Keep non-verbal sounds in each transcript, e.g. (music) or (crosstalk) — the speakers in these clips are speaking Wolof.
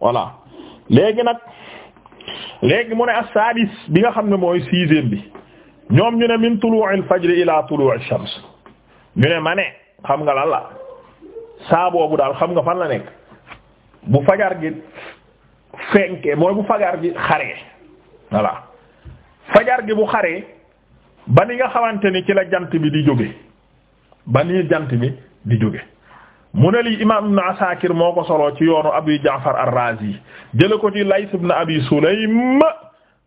voilà léegi nag léegi mu ne as-sadis bi nga xam ne mooy sixième bi ñoom ñu ne min faj fajr ila tulu'i shams ñu ne ma ne xam nga lan la saa boobu daal xam nga fan la nekk bu fajar gi fenke mooy bu fajar gi xaree voilà fajar gi bu xaree ba ni nga xamante ni ci la jant bi di jóge ba ni jant bi di jóge mu ne lii imaam Ibn Asakir moo ko soloo ci yoonu Abu Ja'far ar-Razi jële ko ci Layth ibn Abi Sulaym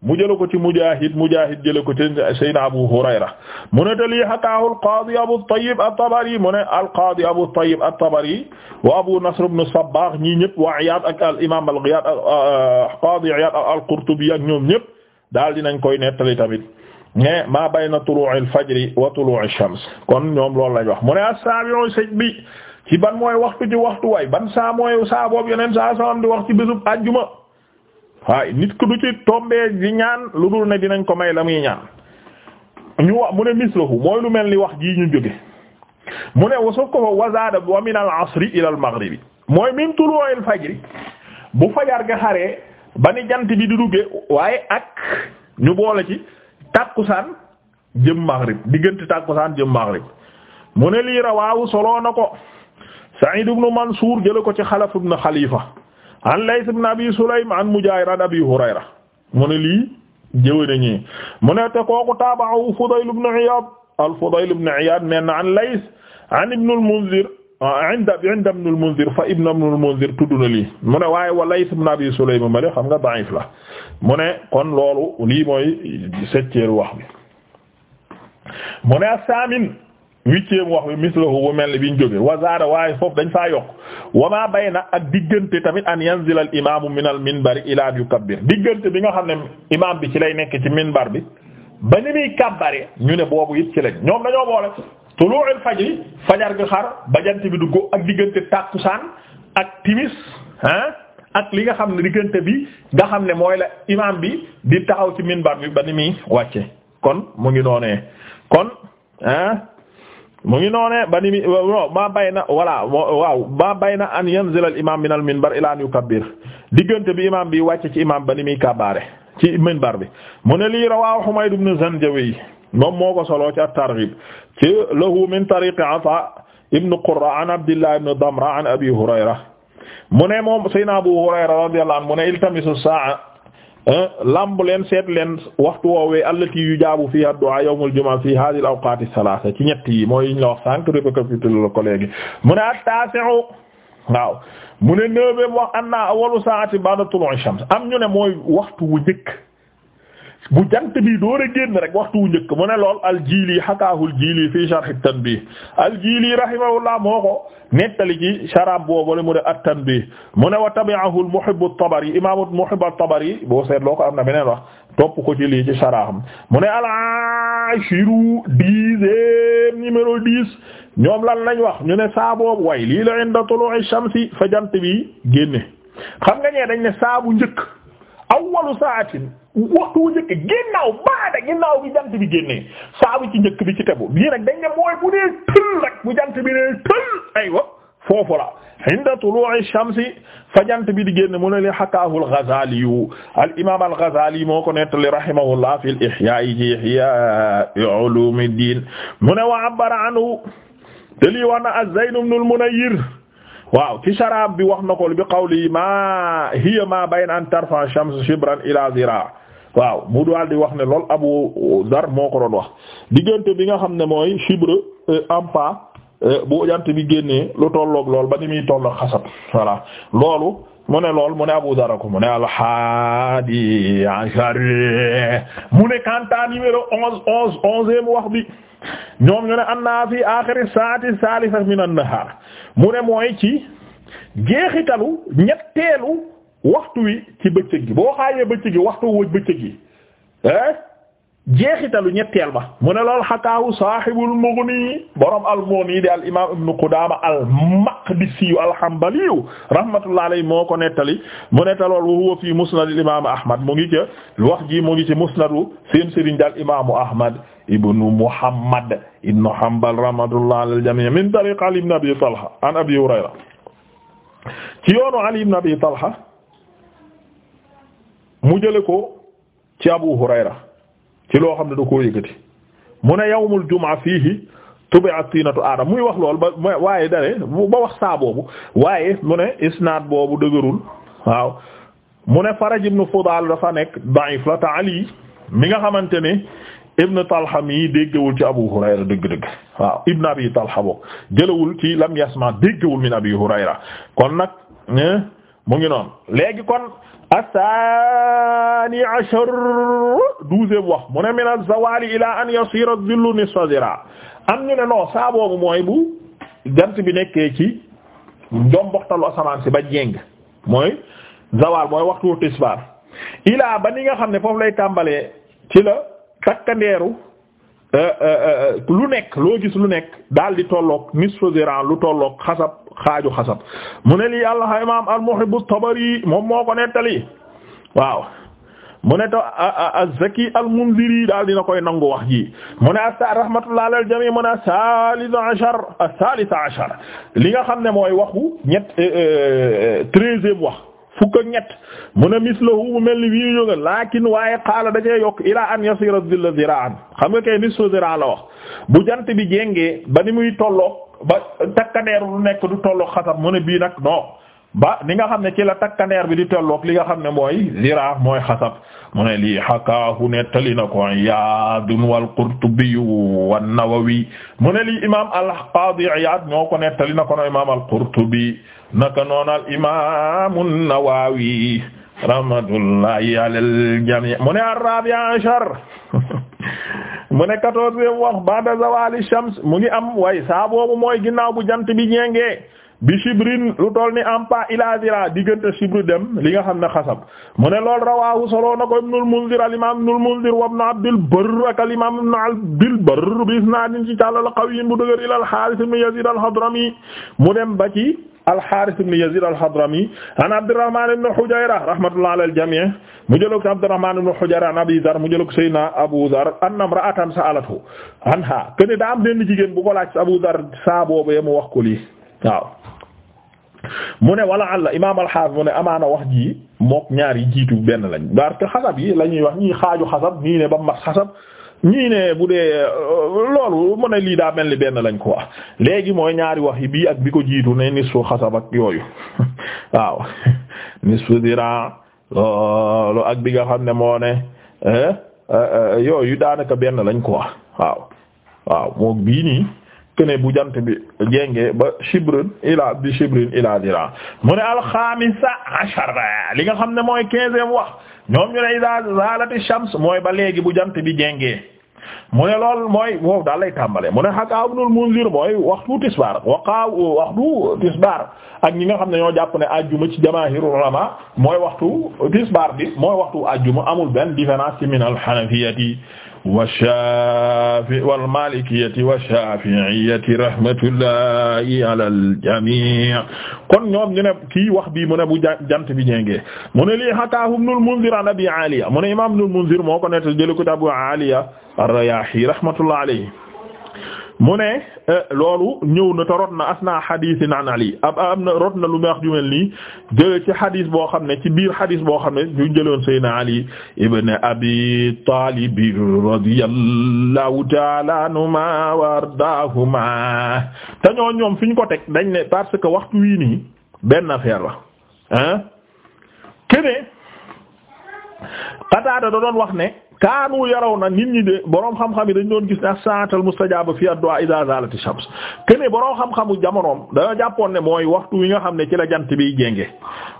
mu jële ko ci Mujaahid Mujaahid jële ko ci Seydina Abu Hurayra mu ne te lii hakaahu al-Qaadi Abu Tayyib at-Tabari mu ne al-Qaadi Abu Tayyib at-Tabari wa Abu Nasr ibn Sabbagh ñii ñëpp wa Iyaad ak al-imaam al-Ghiyaad al-Qaadi euh, Iyaad al-Qurtubi ak ñoom ñëpp daal dinañ koy nettali tamit mais ma bayna tuluu'il fajri wa tuluu'ish shams kon ñoom loolu lañ wax mu ne as-saabi'u sajbi ci ban mooy waxtu ci waxtu way ban saa mooy saa boobu yeneen saa salaam di wax ci bésub àjjuma waaye nit ku du ci tombee di ñaan lu dul ne dinañ ko may la muy ñaan ñu wax mu ne mislahu mooy lu mel ni wax gii ñu jóge mu ne wasuf ko fa wazada wa min al asri ila al maghribi mooy min tulu'il fajri bu fajar gi xaree ba ni jant bi di duggee waaye ak ñu boole ci tàkkusaan jëm maghrib diggante tàkkusaan jëm maghrib mu ne lii rawaawu soloo ko Sa'id ibn Mansuur jële ko ci Xalaf ibn Xalifa an Layth ibn Abi Sulaym an Mujaahir an Abi Hurayra mu ne lii jëwe na ñi mu ne te kooku taaba'ahu Fudayl ibn Iyaad al-Fudayl ibn Iyaad nee na an Layth an Ibn al-Munzir inda inda Ibn al-Munzir fa Ibn al-Munzir tudd na li mu ne waaye wa Layth ibn Abi Sulaym male xam nga da'if la mu ne kon loolu lii mooy secceelu wax bi mu saamin huitième wax bi mislahu bu mel ni biñ jóge wazaada waaye foofu dañ faa yokk bay na ak diggante tamit an yanzil al imaamu min al minbari ila yukabbir diggante bi nga xam ne imaam bi ci lay nekk ci minbar bi ba ni muy kàbbare ñu ne boobu it ci lañ ñoom dañoo boole tulu'ul fajri fajar gi xar ba bi duggo ak diggante tàkkusaan ak timis ak li nga xam ne diggante bi nga xam ne mooy la imaam bi di taxaw ci minbar bi ba ni muy wàcce kon mu ngi noonee mu ngi noonee ba ni mi ma bay na voilà waaw ma bay na an yanzil al imam min al minbar ila an yukabbir diggante bi imam bi wàcce ci imam ba ni muy kabbaare ci minbar bi mu ne lii rawahu Humayd ibn Zanjawi moom moo ko soloo ci at-Targhib ci lahu min tariqi Ata ibn Qurra an Abdillah ibn Damra an Abi Hurayra mu ne moom sayna Abu Hurayra radiyallahu anhu mu ne iltamisu sa'a Eh, lamb leen seet leen waxtu woowee allati yu jaabu fii ad-du'a yawmul jumaa fi hadhihi al-awqat ath-thalatha ci ñett yi mooy yi ñu la wax sànq récapitule la ko léegi mu ne at-tasi'u waaw mu ne neuvième wax anna awwalu sa'ati ba'da tulu'i shams am ñu ne mooy waxtu wu njëkk bu jant bi door a génn rek waxtu wu njëkk mu ne lool al-Jili xakaahul Jili fii Sharh at-Tanbih al-Jili la moo ko nettali ci sharab boobu la mu ne at-Tanbih mu ne wa tabi'ahu al-Muhibb at al-Muhibb boo seetloo ko am na beneen wax topp ko ci lii ci sharaham mu ne al-ashiru dixième numéro dix ñoom lan lañ wax ñu ne saa boobu way lii la inda tulu'i shamsi fa jant bi génne xam nga ñee dañ ne saa bu njëkk. awwalu saatin waxtu wu njëkk ginnaaw baada ginnaaw bi jant bi génnee saa bi ci njëkk bi ci tebu bii nag dañ ne mooy bu dee tël rek bu jant bi dee tël aywa foofu la inda tulu'i shamsi fa jant bi di génn mu ne li hakaahu al-Ghazali yu al-imam al-Ghazali moo ko nettali rahimahullah fi al-Ihya ji Ihya ulumuddin mu ne wa abbara anhu te lii wax na az-Zayn ibn al-Munayyir waaw ci sharaab bi wax na ko bi qawli maa hiya ma bayna an tarfa shams shibran ziraa waaw mu daal di wax ne lool Abu dar moo ko doon wax diggante bi nga xam ne mooy chibre ampa euh, euh, bu jant bi génnee lu tolloog lool ba ni muy tolloog xasab voilà loolu mu ne lool mu ne Abu Dharr ko mu ne alhaadi ashar mu ne kanta numéro onze onze onzième wax bi ñoom ñu ne anna fi aaxiri saati saalisa min an-nahaar mu ne mooy ci jeexitalu ñetteelu waxtu wi ci bëccëg gi boo xaajee bëccëg gi waxtu wu bëccëg gi jeexitalu ñetteel ba mu ne lool xakaahu saahibul mughni borom al-mughni di al imaam ibn qudaama al-maqdisi al moo ko nettali mu netta lool wa huwa fi musnad al ahmad mu ngi ca wax ji mu ngi musnadu seen sëriñ daal ahmad ibnu muhammad ibnu hanbal rahmatullahi ala al min tariq ali ibn abi talha mu jële ko ci abu hurayra ci loo xam ne da koo yëkkati mu ne yawmul jumaa fiihi tubi'a tiinatu aadam muy wax lool ba waaye dare ba wax saa boobu waaye mu ne isnaad boobu dëgërul waaw mu ne Faraj ibn Fudaal dafa nekk da'if la te Ali mi nga xamante ne ibn Talha mi déggewul ci Abu Hurayra dëgg-dëgg waaw ibn Abi Talha boobu jëlawul ci lam yasma déggewul min Abi Hurayra kon nag eh, mu ngi noonu léegi kon athani ashar douzième wax mu ne min az-zawali ila an yasira az-zillu nisfa zira am ñu ne non saa boobu mooy bu jant bi nekkee ci njomboxtalu asamaan si ba jéng mooy zawal mooy waxtu tisbaar ilaa ba ni nga xam ne foofu lay tàmbalee ci la takkandeeru euh, euh, euh, lu nekk loo gis lu nekk daal di tolloog nisfa zira lu tolloog xasab xaaju xasab mu ne lii allah imaam al-Muhibb at moom moo ko nettali waaw mu ne ta az-Zaki al-Munziri daal dina koy nangu wax ji mu ne asa rahmatullah alal jami mu ne as-salis ashar ashar li nga xam ne mooy waxu ñett e, e, treizième wax fukk ak ñett mu ne mislahu mu mel ni wii jóge lakin waaye xaala dacee yokk ila an yasira dhilla zira'an xam nga kay nisfu zira' la wax bu jant bi jéngee ba ni muy tolloo ba takkandeer lu nekk du tolloog xatam mu ne bi nag non ba ni nga xam ne ci la takkandeer bi di tollo li nga xam ne mooy zira mooy xasab mu ne lii xakaahu nettali na ko Iyaadun wal Qurtubi wan Nawawi mu ne lii imaam al qaadi Iyaad ko nettali na ko no imaam al Qurtubi naka noonu al imaam an-Nawawi rahmatullahi alal jamii (laughs) mu ne quatorzième wax ba'da zawali shams mu ngi am way saa boobu mooy ginnaaw bu jant bi jengee bi shibrin lu toll ni ampa ila zira diggante shibru dem li nga xam ne xasab mu ne lool rawaahu soloo na ko ibnul munzir al imam ibnul munzir wa ibn abdil barr ak al imam ibn abdil barr bi isnaadin ci càllal qawiyin bu dëgër ila al haaris ibn yazid al hadrami mu dem ba ci al haaris ibn yazid al hadrami an abdurrahman ibn hujayra rahmatullahi ala al jami' mu jël ko abdurrahman ibn hujayra an abi dhar mu jël ko sayyidina abu dhar anna imra'atan sa'alathu anha ken daa am benn jigéen bu ko laaj abu dhar saa boobee mu wax ko lii waaw mu ne wala àlla imaam alxaafis mu ne amaana wax jii mook ñaari jiitu benn lañ parce xasab yi la ñuy wax ñii xaaju xasab ñii ne ba mat xasab ñii ne bu dee euh, loolu mu ne lii daa mel ni benn lañ ko wax léegi mooy ñaari wax yi bii ak bi ko jiitu ne nisfu xasab ak yooyu (laughs) waaw (laughs) nisfu dira loolu ak bi nga xam ne moo ne eh, eh, eh, yooyu daanaka benn lañ ko wax waaw mook bii nii kene bu jant bi jenge ba shibrin ila bi shibrin ila dira mu ne alxamisa li nga xam ne mooy quinzième wax ñoom ñu ne ida zalati shams mooy ba léegi bu jant bi jengee mu lool mooy wow daal lay tàmbale mu ne xakaa Ibnul Munzir mooy waxtu tisbaar waqaa waxtu tisbaar ak ñi nga xam ne ñoo jàpp ne ajjuma ci jamaahir ulama mooy waxtu tisbaar bi mooy waxtu ajjuma amul benn différence ci min al wa shaafi wal maalikiyati wa shaafi'iyati rahmatullahi ala al-jamii kon ñoom ñu ne kii wax bii mu ne bu jant bi jéngee mu ne lii hakaahu Ibnul Munzir an Abi Aliya mu ne imaam Ibnul Munzir moo ko nettali jële ko Abu Aliya ar-Rayaahi rahmatullahi alayhi mu ne eh, loolu ñëw na te rot na asna xadiisin an ali ab am na rot na lu wax ju mel nii jële ci xadis boo xam ne ci biir xadis boo xam ne ñu jëloon Seydina Ali ibn Abi Talib radiyallahu ta'ala anhuma te ñoo ñoom fi ñu ko teg dañ ne parce que waxtu wii nii benn affaire la ah kene da doon wax ne kaanu yaraw na nit ñi de boroom xam-xam yi dañ doon gis ne as-saatal mustajaaba fi ad-du'a idha zalat ash-shams boroom xam-xamu jamonoom dañoo jàppoon ne mooy waxtu wi nga xam ne ci la jant biy jénge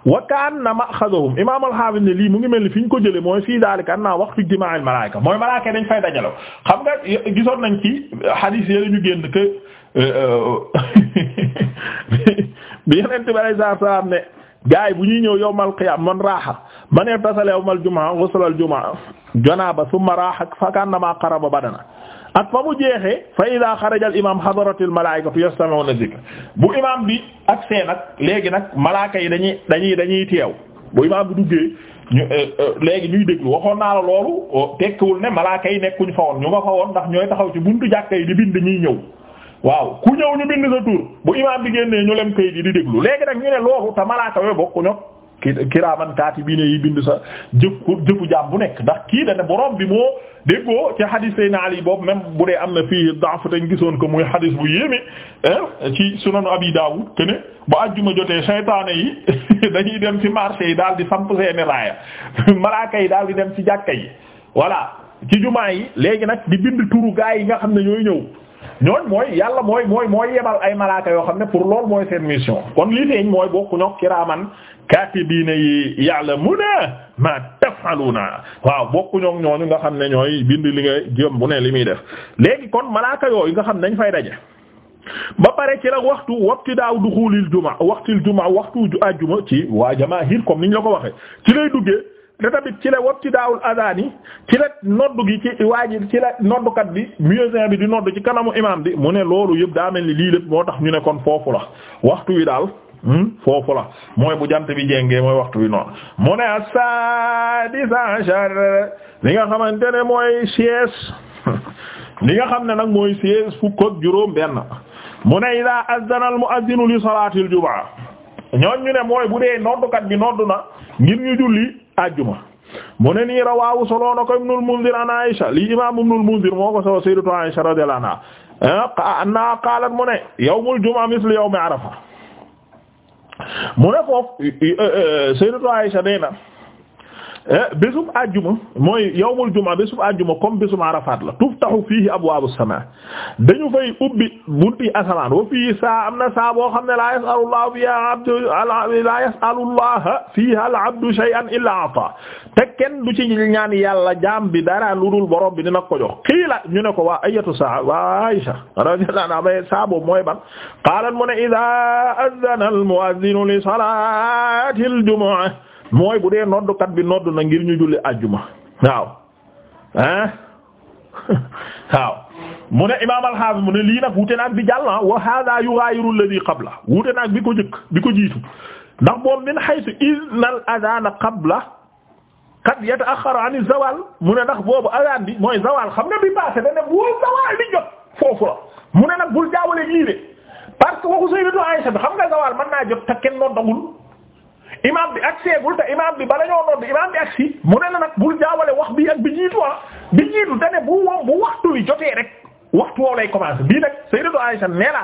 wa kaana ma'xazuhum imaam al-hafiz ne lii mu ngi mel ni fi ñu ko jële mooy fii daalika anna waxtu ijtimaa'il malaa'ika mooy malaaka dañ fay dajalo xam nga gisoon nañ ki hadith yi ñu génn que euh, (laughs) bi yi bu ñuy ñëw yawmal qiyaama man raaxa man tasala yawmal jumaa ghusla al jumaa janaaba thumma ak fa ma qaraba badana ak fa mu jeexe fa ida xaraja al imam xadaratil malaikatu a dhikr bu imam bi ak see nag léegi nag malaaka yi dañuy dañuy dañuy teew bu imam bi duggee ñu euh, euh, léegi ñuy déglu waxoon naa la loolu euh, tekkiwul ne malaaka yi nekkuñ fa woon ñu nga fa woon ndax ñooy taxaw ci buntu jàkka yi di bind ñuy ñëw waaw ku ñëw ñu bind sa tur bu imam bi génnee ñu lem kayit yi di déglu léegi nag ñu ne loolu te malaaka yooyu bokku kiraaman kaatibiin yi bind sa jëfu jëfu jaam bu nekk ndax kii da ne borom bi moo déggoo ci hadis Seydina Ali boobu même bu dee am na fii daafu te gisoon ko muy hadis bu yéeme ci sunanu Abi Daawud que ne bu àjjuma jotee saytaane yi (laughs) dañuy dem ci marché yi daal di samp seeni raaya (laughs) malaaka yi daal di dem ci jàkka yi voilà ci jumaa yi léegi nag di bind turu gaa yi nga xam ne ñooy ñëw. ñooñ mooy yàlla mooy mooy mooy yebal ay malaaka yoo xam ne pour lool mooy seen mission kaatibiina yi ya'lamuna ma taf'aluna waaw bokku ñoom ñooñu nga xam ne ñooy bind li nga jëm bu ne li muy def léegi kon malaaka yooyu nga xam ne dañ fay daje ba pare ci la waxtu wapti daaw duxulil juma waxtil juma waxtu àjjuma ci waa jamaa jamaahir ni ñu la ko waxee ci lay duggee te tamit ci la wapti daawul adaani ci la noddu gi ci waa ji ci la noddukat bi muezzin bi di noddu ci kanamu imaam bi mu ne loolu yëpp daa mel ni lii lépp moo tax ñu ne kon foofu waxtu wi daal. Hmm? foofu la mooy bu jant bi jéngee mooy waxtu wi noon mu ne as-sadisa ashar li nga xamante ne mooy seize (laughs) li nga xam ne nag mooy seize fukk ak juróom benn mu ne ida azdana al muazzinu li salaatil jumaa ñoon ne mooy bu dee noddukat bi noddu na ngir ñu julli ajjuma mu ne nii rawaawu solo na ko ibnul munzir an aisha li imam ibnul munzir moo ko solo sayyidatu aisha radiyallahu anha ah, anna qaalat mu ne yawmul jumaa mislu yawmi arafa mu ne foofu e, e, Sayyidatu Aisha nee na Eh, bésub àjjuma mooy yawmul juma bésub àjjuma comme bésub Arafat la tuftahu fiihi abwaabu samaa dañu fay ubbi bunti asamaan wa fii saa am na saa boo xam ne laa yas'alullaha fiiha abdu laa yas'alullaha fiiha al-abdu shay'an illaa a'taahu te kenn du ci ñaan yàlla jaam bi dara lu dul borom bi dina ko jox qiila ñu ne ko waa ayatu saa waa Aisha radiyallahu anha saa boobu mooy ban qaalat mu ne idhaa adhana al-mu'adhdhinu li salaati al-jumu'ah mooy bu dee noddukat bi noddu na ngir ñu juli ajjuma waaw ah (laughs) waaw mu ne imaam alxaafis mu ne lii nag wute naag bi jàll ah, wa hada yughayyiru alladhi qabla wute naag bi ko jëkk bi ko jiitu ndax boobu min haythu inna al adhana qabla qad yata'akhkharu 'an az-zawal mu ne ndax boobu adaan bi mooy zawal xam nga bi passé dana bu zawal di jot foofu la mu ne nag bul jaawale ñii parce que waxu Sayyidatu Aisha bi xam nga zawal mën naa jot te kenn noddagul imaam bi ak seegul te imaam bi bala ñoo nodd imaam bi ak mu ne nag bul jaawale wax bi ak bi jiitu ah bi jiitu te bu wom bu waxtu wi jotee rek waxtu woowu lay commencé bii nag Sayyidatu Aisha nee na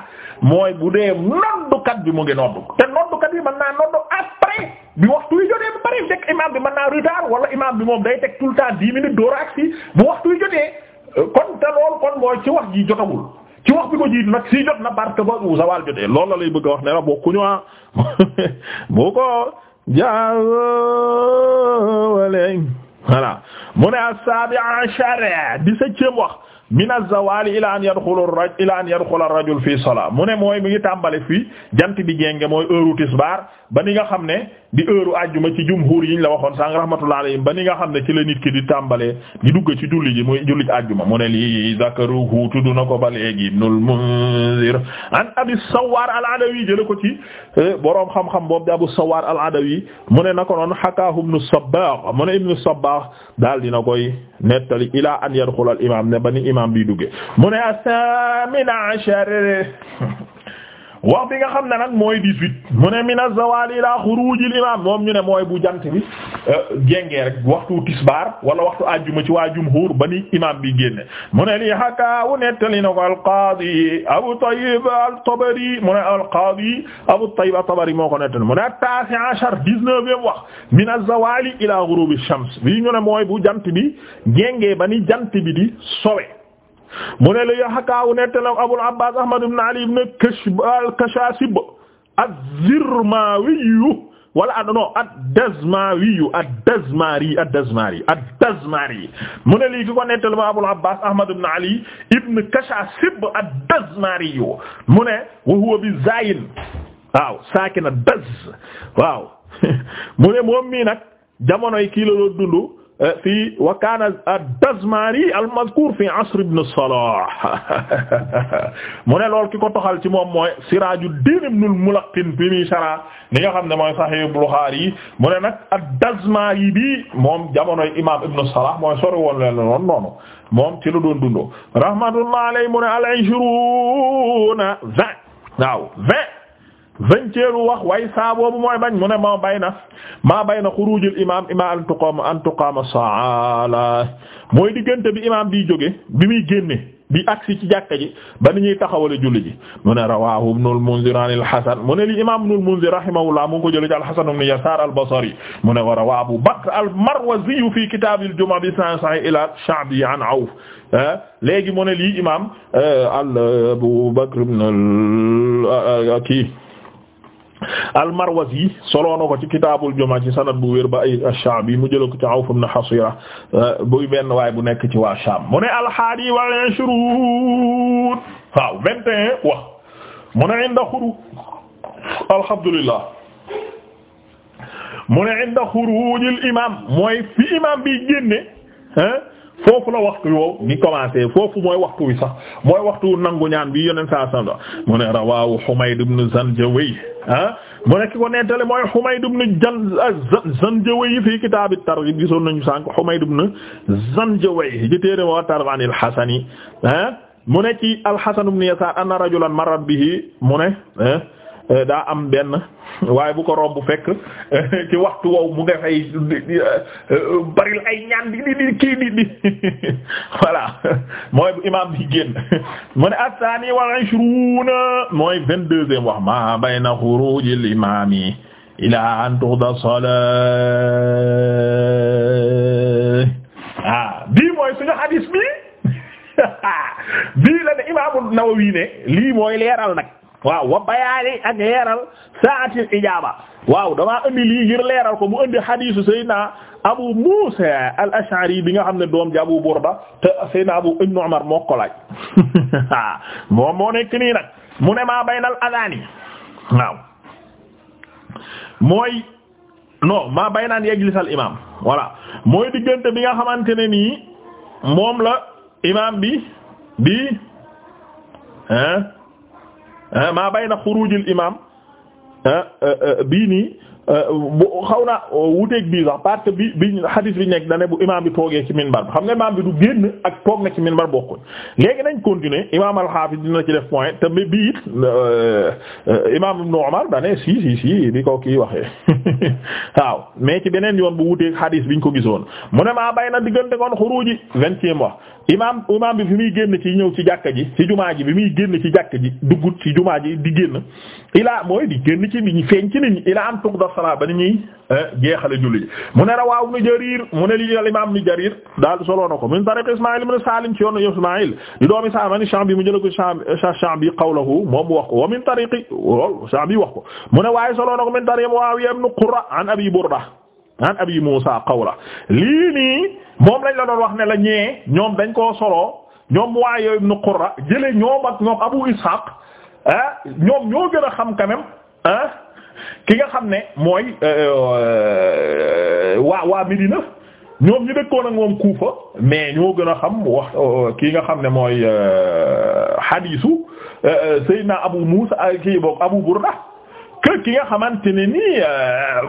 mooy bu dee noddukat bi moo ngi noddu te noddukat bi man naa noddu après bi waxtu wi jotee ba pare fekk imaam bi mën naa retard wala imaam bi moom day teg tout le temps dix door ak si bu waxtu wi jotee kon te loolu kon mooy ci wax ji jotagul. ci wax bi ko jiitu nag si jot ba u zawal jotee loolu la lay bëgg a wax ne la (laughs) jaawale voilà mu ne as-sabi' ashara dix-septième wax min az-zawali ila an yadkhula ar-rajul ila an yadkhula ar-rajul fi salat mu ne mooy mi ngi tàmbale fii jant bi jénge mooy heure u tisbaar ba ni nga xam ne di heure àjjuma ci jumhur yiñ la waxoon sànq rahmatullahi alayhim ba ni nga xam ne ci la nit ki di tàmbalee di dugg ci julli ji muy julli àjjuma mu ne lii zakaruhu tudd na ko ba léegi Ibnul Munzir an Abi Sawwar al-Adawi jële ko ci eh, boroom xam-xam boobu di Abu Sawwar al-Adawi mu ne na ko noon hakaahu Ibnu Sabbagh mu ne Ibnu Sabbagh daal dina koy nettali ilaa an yadxula al-imaam ne ba ni imaam bi duggee mu ne as a ashar wax bi nga xam ne nag mooy dix-huit mu ne min az-zawal ila xuruj al moom ñu ne mooy bu jant bi jéngee euh, rek waxtu tisbaar wala waxtu àjjuma ci waa jumhur ba ni imam bi génne mu ne li hakaawu nettali na ko al-qaadi abu tayyib al-tabari mu ne al abu tayyib at moo ko nettali mu ne at-taasi ashar dix wax min az ila ghurub ash-shams bi ñu ne mooy bu jant bi jéngee ba jant bi di sowe mu ne la yaxakaawu nettalam Abul Abbaas Ahmad ibn Ali ibn al-Kashaasib az-Zirmaawiyu wala adono ad-Dazmaawiyu ad-Dazmaari ad-Dazmaari ad-Dazmaari mu ne lii ki ko nettali ma Abul Abbaas Ahmad ibn Ali ibn Kashaasib ad-Dazmaariyu mu ne wa huwa bi zaayin waaw saakina daz waaw (laughs) mu ne moom mii nag jamonoy kii la doon dund Euh, fii wa kaana ad-Dazmari al-mazkur fi asr ibn Salah (laughs) mu ne lool ki ko toxal ci moom mooy Sirajuddin ibn al-Mulaqqin fi mi shara ni nga xam ne mooy Sahih Bukhari mu ne nag ad-Dazmari bi moom jamonoy imam ibn Salah mooy sori woon leen noonu noonu moom ci lu doon dundoo rahmatullah alayhi mu ne al-ishruna vingt waaw vingt vingtième wax way saa boobu mooy bañ mu ne ma bay na maa bay na xurujul imam ima an tuqama an tuqama saala mooy diggante bi imam bi jóge bi muy génne bi agsi ci jàkka ji ba ni ñuy taxawale julli ji mu ne rawahu ibnul munzir an al hasan mu ne li imam ibnul munzir rahimahullah mu ngi ko jële al hasan ibn yasar al basri mu ne wa rawa abu bakr al marwazi fi kitab al jumu'a bi sanad sahih ila sha'bi an awf eh, léegi mu ne lii imam eh, al abu bakr ibn al eh, kii al-Marwazi solo na ko ci kitaabul sanad bu wér ba ay ash mu jël ko ci Awf ibn Hasira buy benn waay bu nekk ci waa Sham mu ne al-haadi wal ishruun waaw vingt et un mu ne alhamdulillah mu ne inda foofu la waxtu yow di commencé foofu mooy waxtu wi sax mooy waxtu nangu ñaan bi yoneen saa sanda mu ne rawahu Humayd ibn Zanjawi ah mu nekk ko nettale mooy Humayd ibn Zanjawi fii kitaab at-Targhib gisoon nañu sànq Humayd ibn Zanjawi ci téere wa Targhiib an al-Hasani ah mu ne ci al-Hasan ibn Yasaar anna rajulan marra bihi mu eh, Euh, daa am benn waaye bu ko romb fekk euh, ci waxtu wow mu nga euh, baril ay ñaan di di di kii di di (laughs) mooy bu imaam bi génn mooy wax ma bayna xurujil imami ila an tuqda salah ah mooy suñu hadis bi (laughs) la ne imaam an-Nawawi mooy leeral nag waaw wa bayaani ak leeral saatil ijaaba waaw damaa indi lii ngir leeral ko mu indi hadiisu Seydina Abu Muusa al-Ash'ari bi nga xam ne doom ji Abu Burda te Seydina Abu Ibn Umar moo ko laaj (laughs) moom moo nekk nii nag mu ne maa baynal adaani waaw mooy non maa baynaan yajlisal imaam voilà mooy diggante bi nga xamante ne nii moom la imaam bi bi hein Eh, maa bayna xurujil imam eh, eh, bii nii bu xaw naa oh, wuteeg bii sax parce que bi bi xadis bi nekk dane bu imaam bi toogee ci minbar bi xam nga imam bi du génn ak toog na ci minbar bokkuñ léegi nañ continuer imam al-Hafiz dina ci def point te bi bii it imam Ibn si si si bi ko kii waxee (laughs) waaw mais ci beneen yoon bu wuteeg xadis biñ ko gisoon mu ne maa bay na diggante kon xuruji vingtième wax imaam imaam bi fi muy génn ci ñëw ci jàkka ji ci jumaa ji bi muy génn ci jàkka ji duggut ci jumaa ji di génn ilaa mooy di génn ci ñi feeñ ci ilaa am tuqda salaa ba ni ñuy eh, jeexale julli ji mu ne rawaahu ibn Jarir mu ne li al imaam ibn Jarir daal soloo na ko min tariq Ismaïl ibn Salim ci yoonu Ismaïl di doomi Saamani Sha'bi mu jël ko Sha'bi moom wax wa min tariqi lool Sha'bi wax ko mu ne waaye soloo na min tariq Muawiya ibn Qurra an Abi Burda an abi Muusa qawla lii nii moom lañ la doon wax ne la ñee ñoom dañ koo soloo ñoom waa yooyu ibn Qurra jële ñoom ak ñoom Abu Ishaq ah, ñoom ñoo gën a xam quand ah, ki nga xam ne mooy euh, euh, waa waa Medina ñoom moom Kufa mais ñoo gën a xam wax euh, ki nga xam ne mooy hadiisu Seydina Abu Muusa kii boog Abu Burda que ki nga xamante ne nii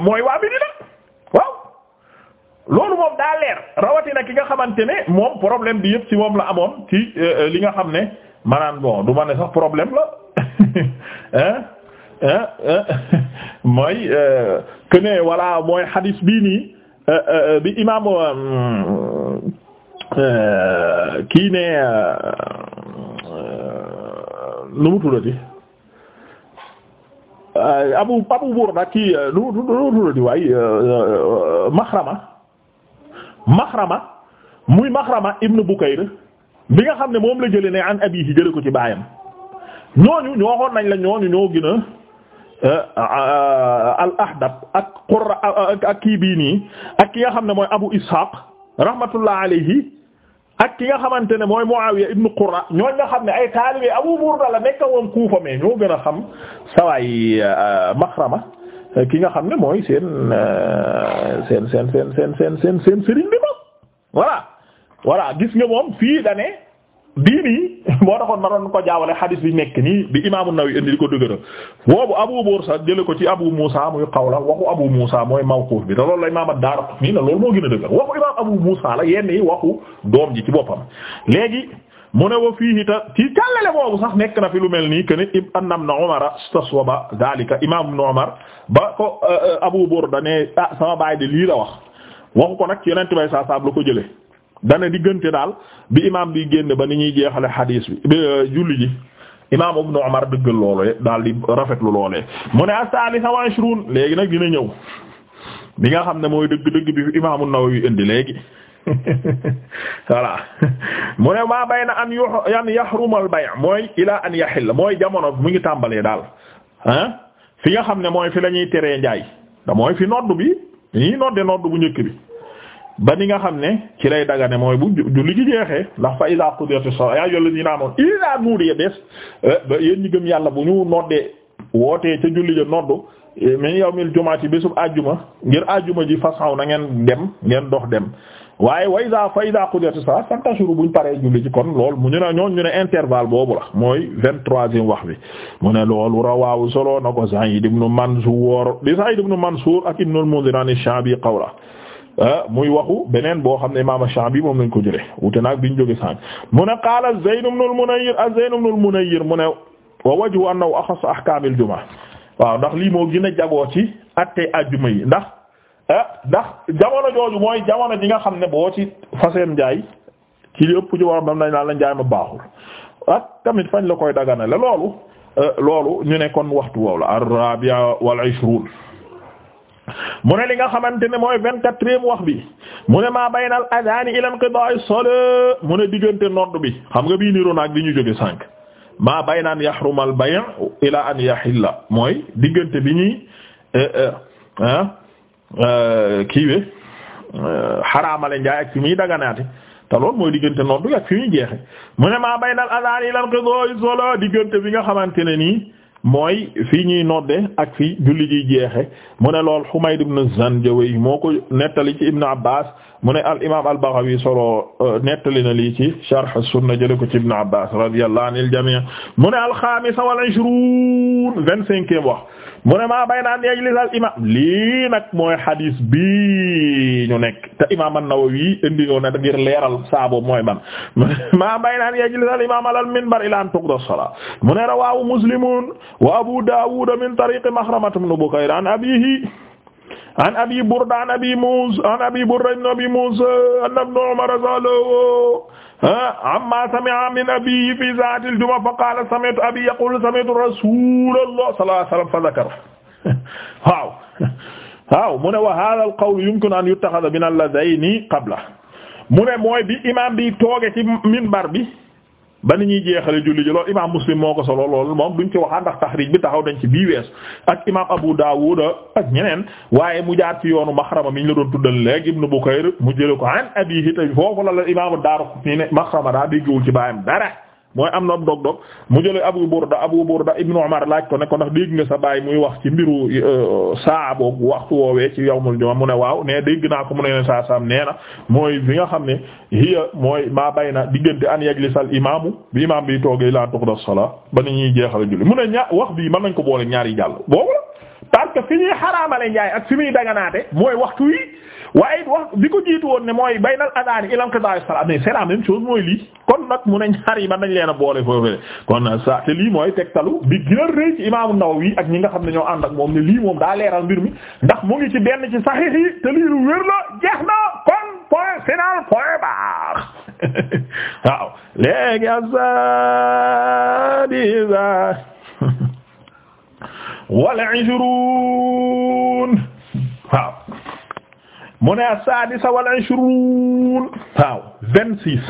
mooy waa Medina loolu moom daa leer rawatina ki nga xamante ne moom problème bi yëpp ci moom la amoon ci euh, euh, li nga xam ne maanaam bon du ma ne sax problème la (laughs) (laughs) mooy euh, que ne voilà mooy xadis bii nii bi imaam kii ne nu mu tuddati abu abu burda kii nu mu tuddati waay maxrama Maxrama muy Maxrama ibn Bukayr bi nga xam ne moom la jëlee ne an abiihi jëlee ko ci baayam ñooñu ñoo waxoon nañ la ñooñu ñoo gën euh, al ahdab ak qurra ak kii bii nii ak ki nga xam ne mooy Abu Ishaq rahmatullah alayhi ak ki nga xamante ne mooy Muawiya ibn Qurra ñooñ nga xam ne ay taalibe Abu Burda la nekk woon Kuufa ñoo gën a xam sawaay euh, Maxrama ki nga xam ne mooy seen euh, seen seen seen seen seen seen seen sëriñ bi voilà gis nga moom fii dane bii nii (laughs) moo taxoon ma doon ko jaawale xadiis bi nekk nii bi imaam an-Nawawi indi di ko dëgëral boobu Abu Bursa jële ko ci Abu Musa muy qawla waxu Abu Musa mooy mawquuf bi te loolu la imaam ad-Daraqutni ne loolu moo gën a dëgër waxu imaam Abu Musa la yenn waxu doom ji ci boppam léegi mu ne wa fii ta ci càllale boobu sax nekk na fi lu mel nii que ni annam na Umar staswaba dalika imaam ibn Umar ba ko euh, euh, Abu Burda ne ah lii la wax waxu nag yeneen tubay saa saab la ko jëlee. dana diggante daal bi imaam bi génn ba ni ñuy jeexale xadiis bi euh, julli ji imaam ibnu Umar dëggal loolu daal di rafetlu loolee mu ne as-salisa wa ishrun léegi nag dina ñëw bi nga xam ne mooy dëgg-dëgg bi imaam an-Nawawi indi léegi (laughs) voilà mu ne maa bayna an yu an yahruma al-bay' mooy ilaa an yahill mooy jamono mu ngi tàmbalee daal ah fi nga xam ne mooy fi lañuy ñuy teree njaay da mooy fi nodd bi ñuy nodde nodd bu njëkk bi ba ni nga xam ne ci lay ne mooy bu julli ci jeexee ndax fa iza qudiyati salat yaa yollu ñi naanoon iza nuudiya des eh, ba yéen ñi gëm yàlla bu ñu noddee wootee ca julli ja noddu eh, min yawmil jumaati bésub àjjuma ngir àjjuma ji façon na ngeen dem ngeen dox dem waaye wa iza fa iza qudiyati salat fantashiru buñ paree julli ci kon lool mu ñu ne ñoon ñu ne intervalle boobu la mooy vingt-troisième wax bi mu ne loolu rawaawu solo na ko Sa'id ibn Mansur di Sa'id ibn Mansur ak ibn al-Mundhir an Shabi qawla Ah, muy waxu beneen boo xam ne imaam Shaabi moom lañ ko jëlee wute naag biñ jóge sànq mu ne qaala Zayd ibn al-Munayyir ak ah, Zayd ibn al-Munayyir mu ne wa wajhu annahu axass ahkaamil jumaa waaw ndax lii moo gën a jagoo ci àtte àjjuma yi ndax ah, ndax jamono jooju mooy jamono ji nga xam ne boo ci faseen njaay ci li ëpp ci waram dam nañ naan la njaay ma baaxul ak tamit fañ la koy dagana la loolu eh, loolu ñu ne kon waxtu woow la ar-rabi'a wal 'ishrun mu ne li nga xamante ne mooy vingt mu wax bi mu ne maa baynal adhaani ila inqidaa'is salaa mu ne diggante nodd bi xam nga bii niroo naag bi ñu jóge sànq maa bayna an yahruma al bay' ila an yahilla mooy diggante bi ñuy eh, eh, ah, eh, kiiwe xaraamale njaay ak fi muy daganaate te loolu mooy diggante nodd bi ak fi muy jeexe mu ne maa baynal adhaani ila inqidaa'i salaa diggante bi nga xamante ne nii mooy fii ñuy nodde ak fi julli ji jeexe mu ne lool Humayd ibn Zanjawi moo ko nettali ci Ibn Abbas mu ne al imaam al-Baghawi solo euh, nettali na lii ci sharh as-sunna jële ko ci Ibn Abbas radiyallahu anil jami' mu ne al-khamisa wal ishrun vingt-cinquième wax mu ne maa bayna an yajlis al imaam lii nag mooy hadis bi ñu nekk te imaam an-Nawawi indi woon na ngir leeral saabo mooy ban maa bayna an yajlis al imaam ala al-minbar ila an tuqda as-salat mu ne rawahu muslimun wa abu dawud min tariq makhramah ibn bukayr an abihi an abi burda an abi musa an abi burda ibn abi musa anna ibn umar sa'alahu amma sami'a min abihi fi zaatil juma fa qaala sami'tu abi yaqulu sami'tu rasulallah sallallahu alayhi wa sallam fa dhakara (laughs) waaw waaw mu ne wa hadha al qawl yumkinu an yuttakhadha min alladhayni qabla mu ne mooy bi imam bi tooge ci minbar bi ba ni ñuy jeexale julli ji loolu imaam muslim moo ko solo loolu moom duñ ci waxaa ndax taxriij bi taxaw dañ ci bii wees ak imaam abu daawud ak ñeneen waaye mu jaar ci yoonu maxrama mi ñu la doon tuddal léegi ibnu bukayr mu jële ko an abihi tay foofu la la imaamu daaraqutni ne maxrama daa déggewul ci baayam dara mooy am na dog-dog mu jëlee Abu Burda Abu Burda Ibn Umar laaj ko ne ko ndax dégg nga sa baay muy wax ci mbiru euh, saa boobu waxtu woowee ci yawmul juma mu ne waaw ne dégg naa ko mu ne saa saam nee mooy bi nga xam ne hiya mooy maa bay na diggante an yajlisal imaamu bi imaam bi toogee laa tuqda salaa ba ni ñuy jeexal julli mu ne ña wax bi ma nañ ko boole ñaari jàll boobu la parce que fi ñuy xaraamale njaay ak fi muy daganaate mooy waxtu yi waaye it wax bi woon ne mooy baynal adaani ilal qidaa salaat mais c'est la même chose mooy lii kon nag mu ne ñaar yi man nañ leen a boole foofule kon lii mooy tegtalu bi gën a ak ñi nga xam ne ñoo ànd moom ne lii moom daa leeral mbir mi ndax mu ngi ci benn ci saxiix yi te lii lu wér la jeex na kon point final point baax (laughs) waaw léegi asadiza (laughs) wal ishrun waaw mu ne as-saadisa wal ishruun waaw vingt-six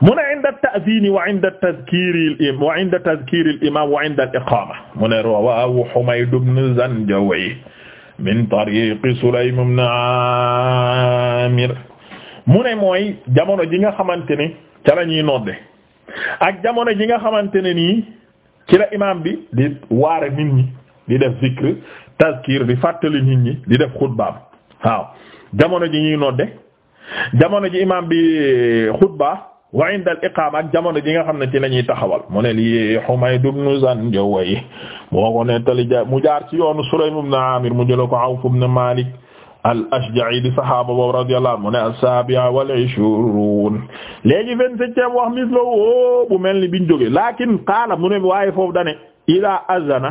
mu ne inda at-ta'ziin wa inda tadhkiir wa inda tadhkiir al-imaam wa inda al-iqaama mu ne rawaahu Humayd ibn Zanjawi min tariiqi Sulaym ibn Aamir mu ne mooy jamono ji nga xamante ne ca la ñuy nodde ak jamono ji nga xamante ne nii ci la imaam bi di waare nit ñi di def zikr tazkir di fàttali nit ñi di def xutbaam waaw jamono ji ñuy ji imaam bi eh, xutba wa inda al iqaama ak jamono ji nga xam ne ci la taxawal mu ne lii Humayd ibn Zanjawi moo mu jaar ci yoonu Sulaym ibn Aamir mu jëla ko Awf ibn Maalik al Ashja'i di saxaaba boobu radiyallahu anhu mu ne as-sabi'a wal 'ishrun léegi vingt-septième mel ni biñ jógee lakin qaala mu ne waaye foofu dane ila azana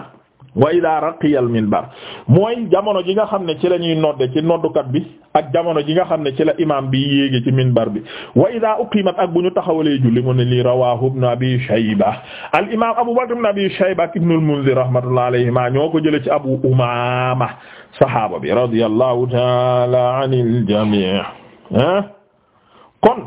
wa ida raqiya al minbar mooy jamono ji nga xam ne ci la ñuy nodde ci noddukat bi ak jamono ji nga xam ne ci la imam bi yéegi ci minbar bi wa ida uqimat ak bu ñu taxawalee julli mu ne li rawahu ibn abi shayba al imam abu bakr ibn abi shayba ak ibn al munzir rahmatullah alayhima ñoo ko jële ci abu umama sahaba bi radiyallahu ta'ala anil jami' ah kon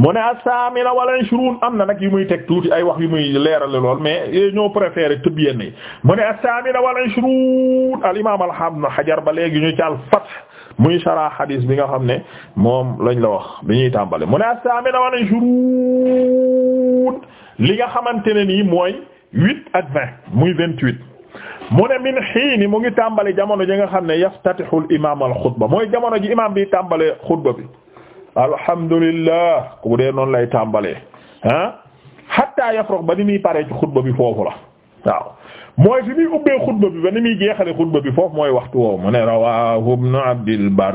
mu ne as-saamina wal ishruun am na nag yu muy teg tuuti ay wax yu muy leerale lool mais ñoo préféré tëb yenn yi mu ne as-saamina wal ishruun al imaam al Hajar ba léegi ñu ci al-Fath muy sharh hadis bi nga xam ne moom lañ la wax bi ñuy tàmbale mu ne as-saamina wal ishruun li nga xamante ne nii mooy huit ak vingt muy vingt-huit mu ne min xiini mu ngi tàmbale jamono ji nga xam ne yaftatixul imaam al xutba mooy jamono ji imaam bi tàmbale xutba bi alhamdulillah ku dee noonu lay tàmbalee ah hatta yafrox ba ni muy paree ci xutba bi foofu la waaw mooy fi muy ubbee xutba bi ba ni muy jeexale xutba bi foofu mooy waxtu woowu mu ne rawahu ibnu abdil bar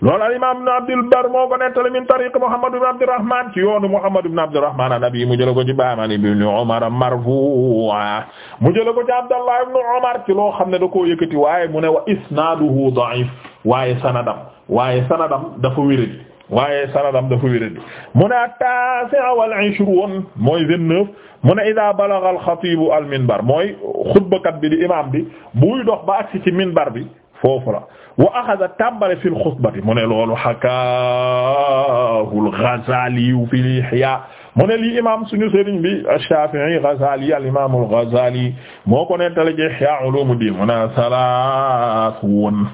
loolu al imam ibnu abdil bar moo ko nettali min tariq muhammad ibnu abdirahman ci yoonu muhammad ibnu abdirahman an mu jële ko ci baaman ibnu umar marfu'a mu jële ko ci abdallah ibnu umar ci loo xam ne da koo yëkkati waaye mu ne wa isnaaduhu da'if waaye sanadam waaye sanadam dafa wéradi waaye sanadam dafa wérad mu ne at-taasi'a wal 'ishruun mooy vingt-neuf al-xatiib al-minbar mooy xutbakat bi di imaam bi buy dox ba agsi minbar bi foofu la wa axada tàmbale fil xutbati mu ne loolu xakaahul Gazaali fil Ihyaa mu ne lii imaam suñu sëriñ bi Shaafi'i Gazaali al imaamul Gazaali moo ko nettali ci Ihyaa Uluumuddin mu ne salaasuun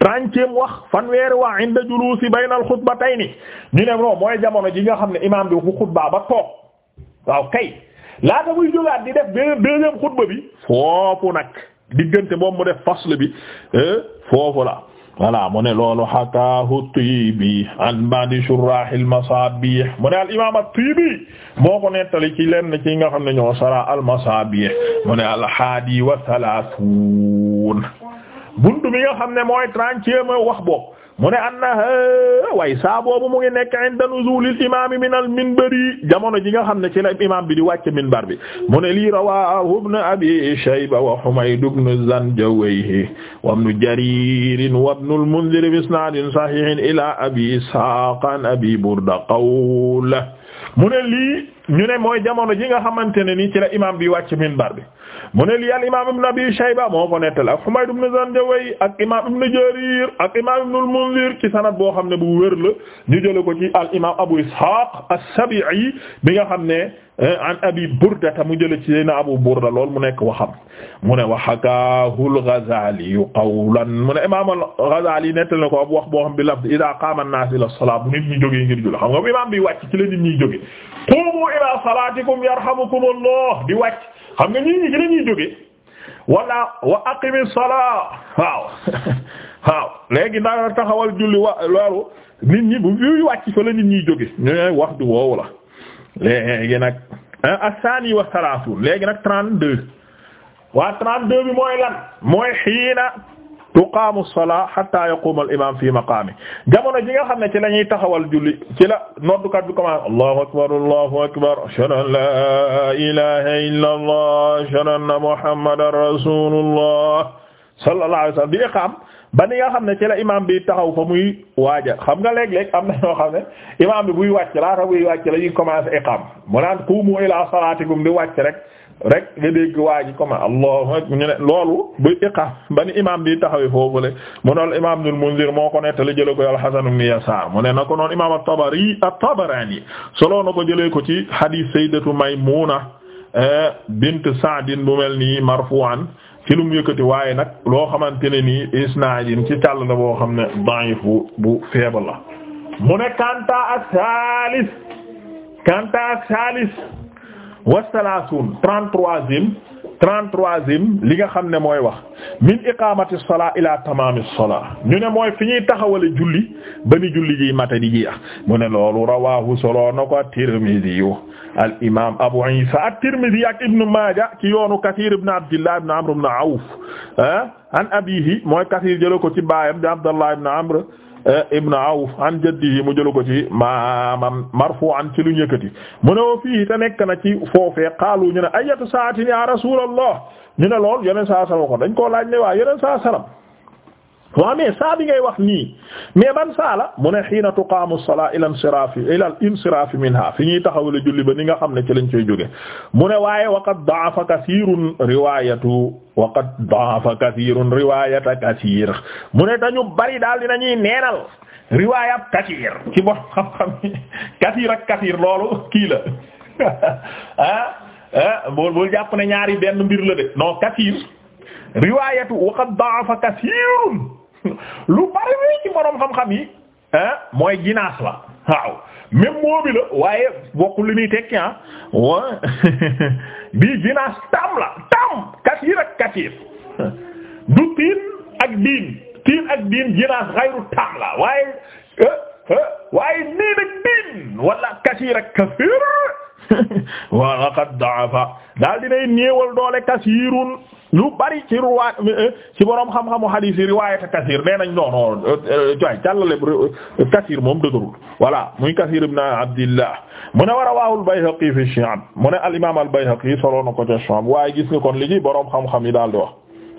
trentième wax fanweeri wax inda juluusi baynal xutbatayni ñu mooy jamono ji nga xam ne imaam bi bu xutbaa ba toog waaw kay laata muy di def deuxième xutba bi foofu nag diggante moom mu def fasl bi euh, foofu la voilà mu ne loolu xakaahu Tiibi an ba'di shurraahil masaabih mu ne al imaam at-Tiibi moo ko nettali ci lenn ci nga xam ne ñoo sara al masaabih mu ne al haadi wa salaasuun buntu bi nga xam ne mooy trentième wax boobu mu ne an na waaye saa boobu mu ngi nekk inda nuzulil imaami minal minbari jamono ji nga xam ne ci la imaam bi di wàcc minbar bi mu ne lii rawahu ibn abi shayba wa humayd ibn zanjawayhi wa ibn jarir wa ibn al munzir bi isnadin sahihin ila abi ishaaq an abi burda qawla mu ne lii ñu ne mooy jamono ji nga xamante ne ni ci la imam bi wàcc minbar bi mu ne li al imam ibn abi shayba moo ko nettali ak humayd ibn zanjaway ak imam ibn jarir ak imam ibn al munzir ci sanad boo xam ne bu wér la ñu jële ko ci al imam abu ishaq as-sabi'i bi nga xam ne eh, an abi burdata mu jële ci na abu burda lool mu nekk waxam mu ne wa hakahu al ghazali qawlan mu ne imam al ghazali nettali na ko ab wax boo xam bi lafd ida qama an-nas ila as-salat bu nit ñi jógee ngir julli xam nga bu wàcc ci la nit ñi qumu ila salatikum yarhamukumullah di wàcc xam nga ñii ñi ci la ñuy jóge wala wa aqimi salaa waaw (laughs) waaw léegi naa taxawal julli wa loolu nit ñi bu ñuy wàcc fa la nit ñuy jóge ñu wax du woowu la léegi nag ah, asani wa salaatu léegi nag trente-deux waa trente-deux bi mooy lan mooy xiina tuqaamu salaa hatta yaquuma al imaam fi maqaami jamono ji nga xam ne ci la ñuy taxawal julli ci la noddukat bi commencé allahu akbar allahu akbar ashhadu an laa ilaaha illa allah ashhadu anna muhammadan rasulullah sallallahu alayhi wa sallam di iqaam ba ni nga xam ne ci la imaam bi taxaw fa muy waaja xam nga léeg-léeg am na ñoo xam ne imaam bi buy wàcc laata buy wàcc la ñuy commencé iqaam mu naan qumu ila salaatikum di wàcc rek rek nga dégg waaji comment allah ñu ne loolu buy iqaam ba ni imaam bi taxawee foofu le mu nool imaam Ibnul Munzir moo ko nettali jëlee ko al-Hasan ibn Yasaar mu ne na ko noon imaam at-Tabari at-Tabarani solo na ko jëlee ko ci hadith sayyidatu Maymuna eh, bint Sa'd bu mel nii marfu'an ci lu mu yëkkati waaye nag loo xamante ne ni nii isnaadin ci càll la boo xam ne da'if bu bu faible la mu ne kanta as-salis kanta as-salis wa salasun trente-troisième trente-troisième li nga xam ne mooy wax min iqamati salaa ila tamaami salaa ñu ne mooy fi ñuy taxawale julli ba ni julli ji mate di jeex mu ne loolu rawahu soloo na ko at-Tirmidhi yu al imam Abu Isa at-Tirmidhi ak Ibn Maaja ci yoonu Kathir ibn Abdillah ibn Amr ibn Awf ah, an abihi mooy Kathir jële ko ci baayam di Abdallah ibn Amr Eh, ibn Awf an jaddihi mu jëlu ko ci maamam marfu'an ci lu yëkkati mu ne woo fii te nekk na ci foofee qaalu ñu ne ayatu saatin ya rasulallah ñu ne lool yeneen saa salaam ko dañ koo laaj ne waa yeneen saa salaam waa mais saa bi ngay wax nii mais ban saa la mu ne xiina tuqaamu salaa ila insiraafi ila insiraafi minha fi ñuy taxawale julli ba ni nga xam ne ci lañ koy jóge mu ne waaye waqad da'afa kasiirun riwaayatu waqad da'afa kasiirun riwaayata kasiir mu ne dañu bari daal dinañuy neenal riwaayab kasiir ci borom xam-xam kasiir ak kasiir loolu kii la (laughs) ah ah bul bul jàpp ne ñaari benn mbir la de non kasiir riwaayatu waqad da'afa kasiirun lu bari wi ci borom xam-xam mooy ginaas la waaw même moo bi la waaye bokkul li tekki ah wa (laughs) bii ginaas tam la tam kasiir ak kasiir du tiin ak diin tiin ak diin ginaas xayru tam la waaye waaye niin ak diin wala kasiir ak kasiir (laughs) wa laqad da'afa daal dinay néewal doole kasiirun lu bari ci ruwaat ci borom xam-xamu hadith yi riwaayata Kasir nee nañ non non jooy jàllale Kasir moom dëgërul voilà muy Kasir ibn Abdillah mu ne war a waawul Bayhaqi fi Shi'ab mu ne al imaam al Bayhaqi solo na ko ca Shi'ab waaye gis kon li ci borom xam-xam yi daal di wax.